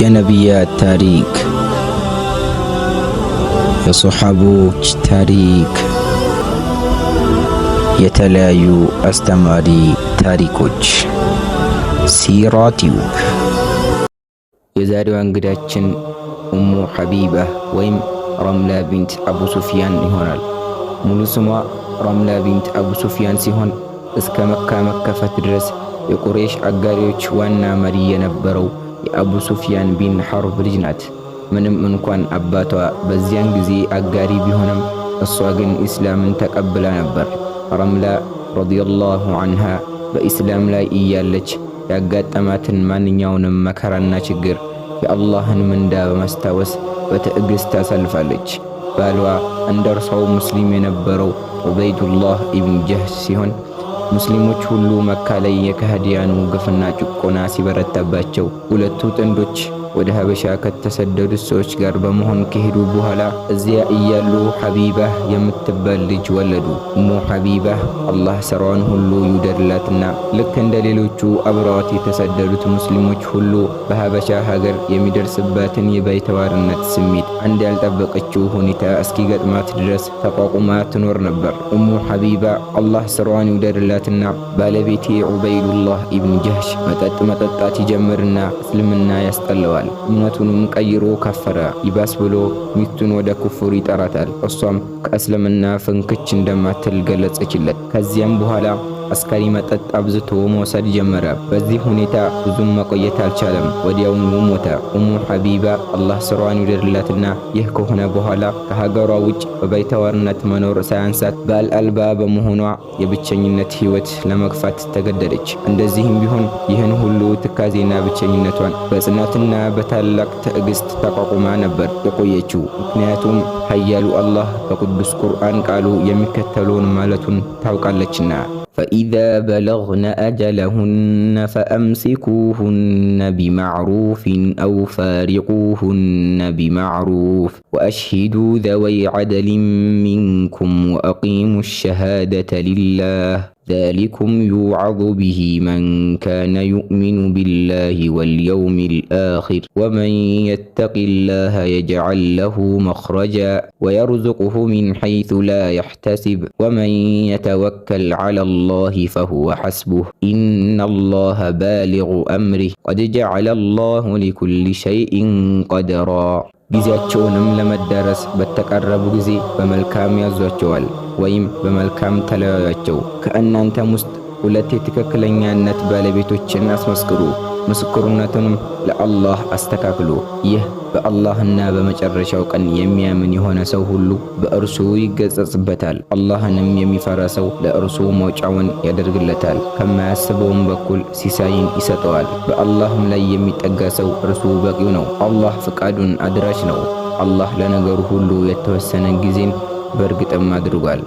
የነቢያት ታሪክ፣ የሶሐቦች ታሪክ፣ የተለያዩ አስተማሪ ታሪኮች ሲራ የዛሬዋ እንግዳችን ኡሙ ሐቢባ ወይም ረምላ ቢንት አቡ ሱፊያን ይሆናል። ሙሉ ስሟ ረምላ ቢንት አቡ ሱፊያን ሲሆን እስከ መካ መከፈት ድረስ የቁሬሽ አጋሪዎች ዋና መሪ የነበረው የአቡ ሱፊያን ቢን ሐርብ ልጅ ናት። ምንም እንኳን አባቷ በዚያን ጊዜ አጋሪ ቢሆንም እሷ ግን ኢስላምን ተቀብላ ነበር። ረምላ ረዲየላሁ አንሃ በኢስላም ላይ እያለች ያጋጠማትን ማንኛውንም መከራና ችግር የአላህን ምንዳ በማስታወስ በትዕግሥት ታሳልፋለች። ባሏ እንደ እርሷው ሙስሊም የነበረው ዑበይዱላህ ኢብን ጀህሽ ሲሆን ሙስሊሞች ሁሉ መካ ላይ የከሃዲያኑ ግፍና ጭቆና ሲበረታባቸው ሁለቱ ጥንዶች ወደ ሀበሻ ከተሰደዱት ሰዎች ጋር በመሆን ከሄዱ በኋላ እዚያ እያሉ ሐቢባህ የምትባል ልጅ ወለዱ። እሙ ሐቢባህ አላህ ሥራዋን ሁሉ ይውደድላትና ልክ እንደ ሌሎቹ አብረዋት የተሰደዱት ሙስሊሞች ሁሉ በሀበሻ ሀገር የሚደርስበትን የባይተዋርነት ስሜት አንድ ያልጠበቀችው ሁኔታ እስኪገጥማት ድረስ ተቋቁማ ትኖር ነበር። እሙ ሐቢባ አላህ ስራዋን ይውደድላትና ባለቤቴ ዑበይዱላህ ኢብን ጀህሽ መጠጥ መጠጣት ይጀምርና እስልምና ያስጠለዋል። እምነቱንም ቀይሮ ከፈረ። ይባስ ብሎ ሚስቱን ወደ ኩፍር ይጠራታል። እሷም ከእስልምና ፍንክች እንደማትል ገለጸችለት። ከዚያም በኋላ አስካሪ መጠጥ አብዝቶ መውሰድ ጀመረ። በዚህ ሁኔታ ብዙም መቆየት አልቻለም፣ ወዲያውኑ ሞተ። ኡሙ ሐቢባ አላህ ስሯን ይውደድላትና ይህ ከሆነ በኋላ ከሀገሯ ውጭ በባይተዋርነት መኖር ሳያንሳት ባል አልባ በመሆኗ የብቸኝነት ህይወት ለመግፋት ተገደደች። እንደዚህም ቢሆን ይህን ሁሉ ትካዜና ብቸኝነቷን በጽናትና በታላቅ ትዕግስት ተቋቁማ ነበር የቆየችው። ምክንያቱም ሀያሉ አላህ በቅዱስ ቁርአን ቃሉ የሚከተለውን ማለቱን ታውቃለችና። إذا بلغن أجلهن فأمسكوهن بمعروف أو فارقوهن بمعروف وأشهدوا ذوي عدل منكم وأقيموا الشهادة لله ذلكم يوعظ به من كان يؤمن بالله واليوم الآخر ومن يتق الله يجعل له مخرجا ويرزقه من حيث لا يحتسب ومن يتوكل على الله فهو حسبه إن الله بالغ أمره قد جعل الله لكل شيء قدرا ጊዜያቸውንም ለመዳረስ በተቃረቡ ጊዜ በመልካም ያዟቸዋል፣ ወይም በመልካም ተለያዩአቸው። ከእናንተም ውስጥ ሁለት የትክክለኛነት ባለቤቶችን አስመስክሩ። ምስክርነቱንም ለአላህ አስተካክሎ ይህ በአላህና በመጨረሻው ቀን የሚያምን የሆነ ሰው ሁሉ በእርሱ ይገጸጽበታል። አላህንም የሚፈራ ሰው ለእርሱ መውጫውን ያደርግለታል፣ ከማያስበውም በኩል ሲሳይን ይሰጠዋል። በአላህም ላይ የሚጠጋ ሰው እርሱ በቂው ነው። አላህ ፍቃዱን አድራሽ ነው። አላህ ለነገሩ ሁሉ የተወሰነ ጊዜን በእርግጥም አድርጓል።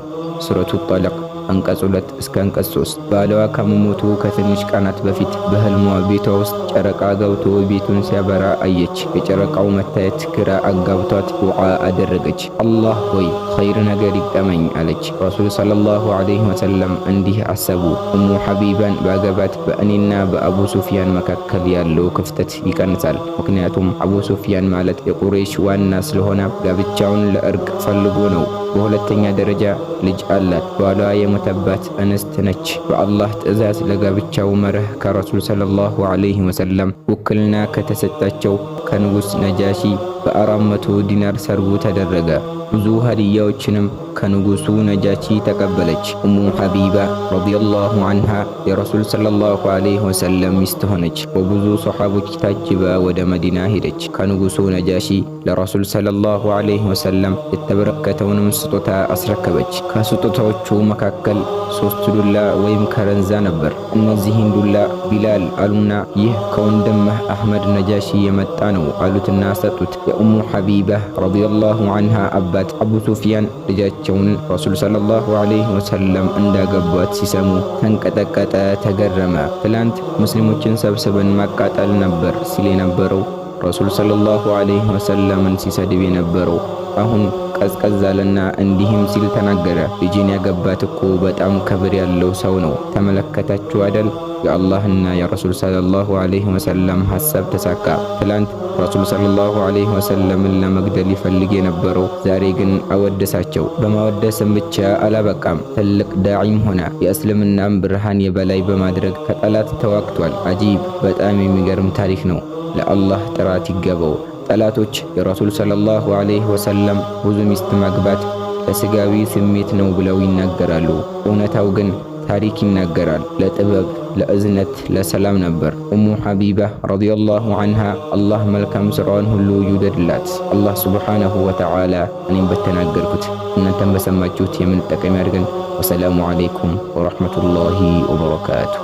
ሱረቱ ጠለቅ አንቀጽ 2 እስከ አንቀጽ 3 ባለዋ ከመሞቱ ከትንሽ ቀናት በፊት በህልሟ ቤቷ ውስጥ ጨረቃ ገብቶ ቤቱን ሲያበራ አየች። የጨረቃው መታየት ግራ አጋብቷት ዱዓ አደረገች። አላህ ሆይ ኸይር ነገር ይጠመኝ አለች። ረሱል ሰለላሁ ዐለይሂ ወሰለም እንዲህ አሰቡ። እሙ ሐቢባን ባገባት በእኔና በአቡ ሱፊያን መካከል ያለው ክፍተት ይቀንሳል። ምክንያቱም አቡ ሱፊያን ማለት የቁሬሽ ዋና ስለሆነ ጋብቻውን ለእርቅ ፈልጎ ነው። በሁለተኛ ደረጃ ልጅ አላት። ባሏ የሞተባት እንስት ነች። በአላህ ትዕዛዝ ለጋብቻው መርህ ከረሱል ሰለላሁ ዐለይሂ ወሰለም ውክልና ከተሰጣቸው ከንጉሥ ነጃሺ በአራት መቶ ዲናር ሰርጉ ተደረገ። ብዙ ሀዲያዎችንም ከንጉሱ ነጃቺ ተቀበለች። ኡሙ ሐቢባ ረዲየላሁ አንሃ የረሱል ሰለላሁ ዐለይሂ ወሰለም ሚስት ሆነች። በብዙ ሰሓቦች ታጅባ ወደ መዲና ሄደች። ከንጉሱ ነጃሺ ለረሱል ሰለላሁ ዐለይሂ ወሰለም የተበረከተውንም ስጦታ አስረከበች። ከስጦታዎቹ መካከል ሶስት ዱላ ወይም ከረንዛ ነበር። እነዚህን ዱላ ቢላል አሉና ይህ ከወንድምህ አሕመድ ነጃሺ የመጣ ነው አሉትና ሰጡት። የኡሙ ሐቢባ ረዲየላሁ አንሃ አባት አቡ ሱፊያን ልጃቸውን ረሱል ሰለላሁ ዐለይሂ ወሰለም እንዳገቧት ሲሰሙ ተንቀጠቀጠ፣ ተገረመ። ትላንት ሙስሊሞችን ሰብስበን ማቃጠል ነበር ሲል የነበረው ረሱል ሰለላሁ ዐለይሂ ወሰለምን ሲሰድብ የነበረው አሁን ቀዝቀዝ አለና እንዲህም ሲል ተናገረ። ልጄን ያገባት እኮ በጣም ክብር ያለው ሰው ነው። ተመለከታችሁ አደል? የአላህና የረሱል ሰለላሁ ዐለይሂ ወሰለም ሐሳብ ተሳካ። ትላንት ረሱል ሰለላሁ ዐለይሂ ወሰለምን ለመግደል ይፈልግ የነበረው ዛሬ ግን አወደሳቸው። በማወደስም ብቻ አላበቃም፣ ትልቅ ዳዒም ሆነ። የእስልምናም ብርሃን የበላይ በማድረግ ከጠላት ተዋግቷል። አጂብ! በጣም የሚገርም ታሪክ ነው። ለአላህ ጥራት ይገባው። ጠላቶች የረሱል ሰለላሁ ዐለይሂ ወሰለም ብዙ ሚስት ማግባት ለስጋዊ ስሜት ነው ብለው ይናገራሉ። እውነታው ግን ታሪክ ይናገራል። ለጥበብ፣ ለእዝነት፣ ለሰላም ነበር። ኡሙ ሐቢባ ረዲየላሁ ዐንሃ አላህ መልካም ስራዋን ሁሉ ይውደድላት። አላህ ሱብሓነሁ ወተዓላ እኔም በተናገርኩት እናንተም በሰማችሁት የምንጠቀም ያድርገን። ወሰላሙ ዐለይኩም ወረሕመቱላሂ ወበረካቱ።